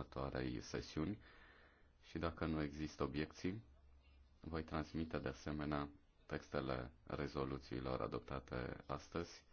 următoarei sesiuni și dacă nu există obiecții, voi transmite de asemenea textele rezoluțiilor adoptate astăzi